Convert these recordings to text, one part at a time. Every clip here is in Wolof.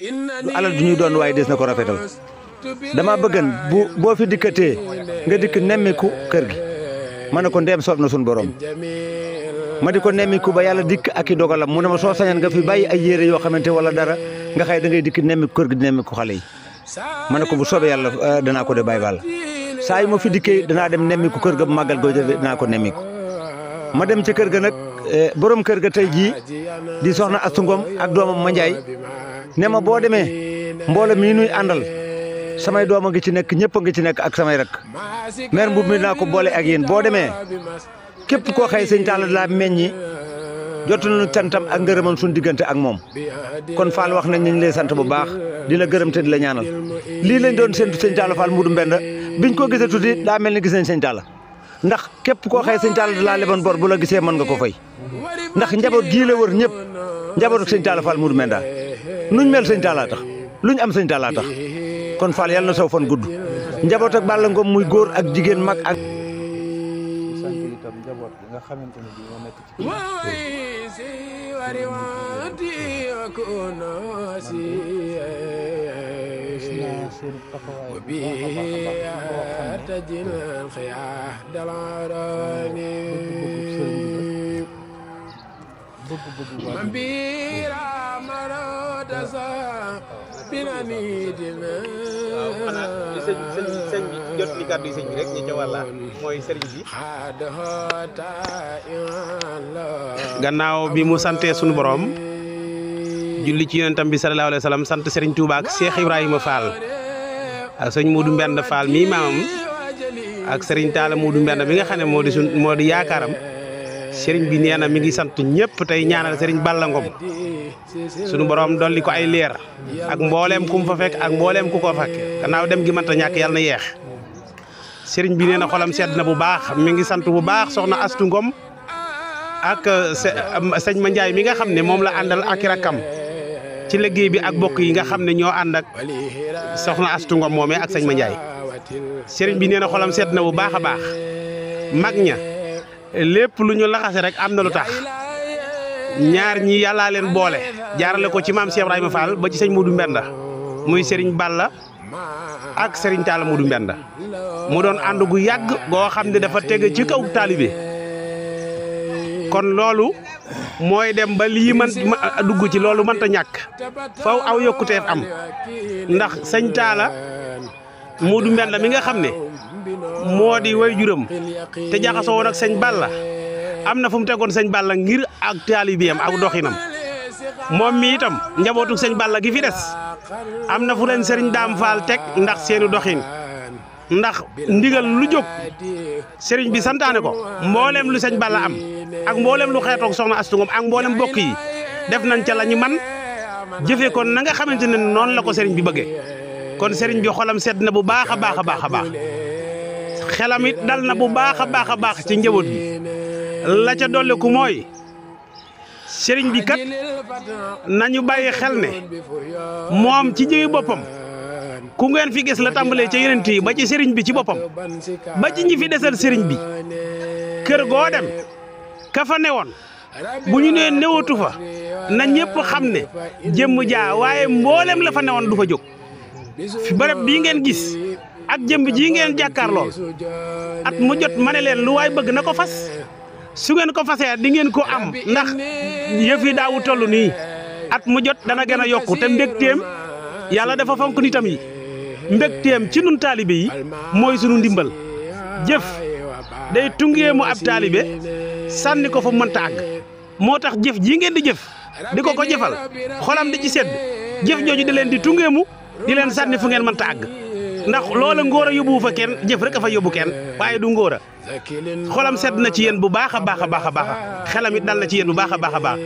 du alal du ñuy doon waaye des na ko rafetal dama bëggan bu boo fi dikkatee nga dikk nemmiku kër gi ma ne ko ndeem soob na suñu borom ma di ko nemmiku ba yàlla dikk ak i dogalam mu ne ma soo sañan nga fi bay ay yére yoo xamante wala dara nga xay da ngay dikk nemmiku kër gi di nemmiku xale yi ma ne ko bu soobee yàlla euh, danaa ko de bàyyi wàlla saa yi ma fi dikkee danaa dem nemmiku kër ga bu màggal goo danaa ko nemmiku ma dem ci kër ga nag euh, borom kër ga tey jii di soxna Astu Ngom ak doomam Mandiaye ne ma boo demee mbooloo mii nuy àndal samay doom a ngi ci nekk ñëpp a ngi ci nekk ak samay rak maire mbub mi naa ko boole ak yéen boo demee képp koo xëy sëñ Talla laa meññi jot nañu cantam ak ngërëmam suñu diggante ak moom kon Fall wax nañ ñu ngi lay sant bu baax di la gërëm te di la lii lañ doon séntu sëñ Talla Fall Modou Mbenda biñ ko gisee tuuti daa mel ni gis nañ sëñ Talla ndax képp koo xëy sëñ Talla laa leboon bor bu la gisee mën nga ko fay ndax njaboot njabootu seigne Talla Fall Mourou Menda nuñ mel seigne Talla tax luñ am seigne Talla tax kon Fall yalla saw fon gudd njaboot ak Balla Ngom muy góor ak jigen mak ak. mbira maro dasa bina ni dina xana señ señ jot li kaddu señ rek ñu jawal moy señ gannaaw bi mu sante sunu borom julli ci bi sallallahu alayhi wasallam serigne touba ak cheikh ibrahima fall ak serigne modou mbend fall mi mamam ak serigne tala modou mbend bi nga modi modi yaakaram Sering bi nee na mi ngi sant ñëpp tey ñaanal sëriñ Balla Ngom sunu borom dolli ko ay leer ak mbooleem kum fa fek ak ku ko fekk gannaaw dem gi manta ñàkk yàlla na yeex sëriñ bi nabubah na xolam sedd na bu baax mi ngi sant bu baax soxna ak sëñ Ma mi nga ne la andal ak ci liggey bi ak bokk yi nga xamne ño and ak soxna Astu Ngom biniana ak sëñ Ma Njaay sëriñ bi neena xolam set na bu baax lépp lu ñu laxase rek am na lu tax ñaar ñi yàllaa leen boole jaarale ko ci maam Cheikh Ibrahima Fall ba ci señ sëñ Modou Mbenda muy Serigne Balla ak Serigne Talla Modou Mbenda mu doon ànd gu yàgg goo xam ne dafa teg ci kaw taalibe kon loolu mooy dem ba lii man dugg ci loolu mënta ñàkk faw aw yokkuteef am ndax sëñ Talla Modou Mbenda mi nga xam ne moo di way juram te jaxaso won ak sëñ Balla amna fum fu mu Balla ngir ak taalibeem ak doxinam mom mi itam njabotuk sëñ Balla gi fi dess amna fu len sëriñ dam Faal tek ndax seenu doxin ndax ndigal lu jog sëriñ bi santane ko mbollem lu sëñ Balla am ak mbollem lu xeetoog soxna Astu ak mbollem bokk yi def nañ ca lañu man jëfee kon na nga xamanteni non la ko bi kon sëriñ bi xolam sedd na bu baax a baax baax xelam it dal na bu baax a baax a baax ci njaboot gi la ca dolliku mooy sëriñ bi kat nañu bàyyi xel ne moom ci jëwi boppam ku ngeen fi gis la tàmbalee ca yeneen yi ba ci sëriñ bi ci boppam ba ci ñi fi desal sëriñ bi kër goo dem ka fa newoon bu ñu nee newatu fa na ñëpp xam ne jëmm jaa waaye mboolem la fa newoon du fa jóg fi bii ngeen gis. ak jëmb jii ngeen jàkkaarlool at mu jot ma ne leen lu waay bëgg na ko fas su ngeen ko fasee di ngeen ko am ndax yëf yi daawu toll nii at mu jot dana gën a yokku te mbégteem yàlla dafa fonk nitam yi mbégteem ci nun taalibe yi mooy sunu ndimbal jëf day tungee mu ab taalibe sànni ko fa mënta àgg moo tax jëf jii ngeen di jëf di ko ko jëfal xolam di ci sedd jëf jooju di leen di tungeemu di leen sànni fu ngeen mënta àgg ndax loola ngóor a yóbbu fa kenn jëf rek a fa yóbbu kenn waaye du ngóor a xolam sedd na ci yéen bu baax a baax a baax a baax xelam it dal na ci yéen bu baax a baax a baax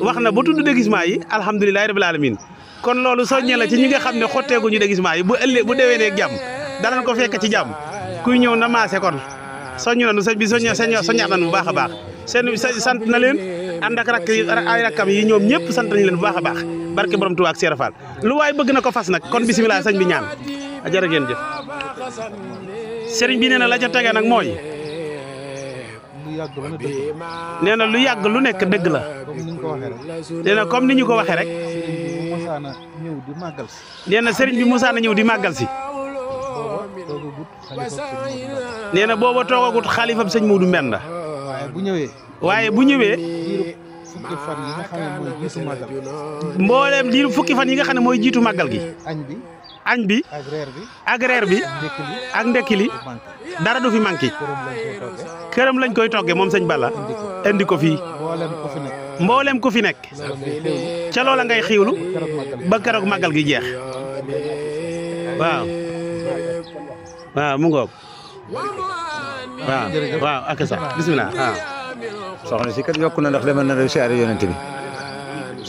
wax na ba tudd déguisement yi alhamdulilahi rabil alamin kon loolu soññee la ci ñi nga xam ne xotteeguñu déguisement yi bu ëllëg bu déwee neeg jàmm ko fekk ci jàmm kuy ñëw na maase kon soññu nañu sëñ bi soññe soññe soññaat nañu bu baax a baax seen sant na leen ànd ak rakk yi ay rakkam yi ñoom ñëpp sant ñu leen bu baax a baax barke borom Tuubaa ak Seera Faal lu waaye bëgg na ko fas nag kon bisimilah sëñ bi ñaan ajar ngeen jëf sëriñ bi neena na la ca tege nag mooy neena na lu yag lu nek deug la neena na comme ni ko waxe rek neena na sëriñ bi musa na ñew di magal si neena na togagut toogagut xalifam sëñ Modou Mbenda waaye bu ñëwee mbolem diiru fukki fan yi nga xam ne magal gi añ bi ak bi ak ndekki li dara du fi manqué këram lañ koy toggee moom sëñ Balla indi ko fii mboolem ko fi nekk ca ngay xiiwlu ba keroog màggal gi jeex waaw waaw mu ngoog waaw waaw sax bisimilah waaw si kat yokku na ndax demal na rew siyaare yonent bi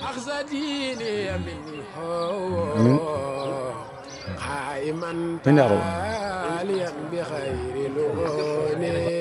أخذ ديني منه قائما تاليا بخير لوني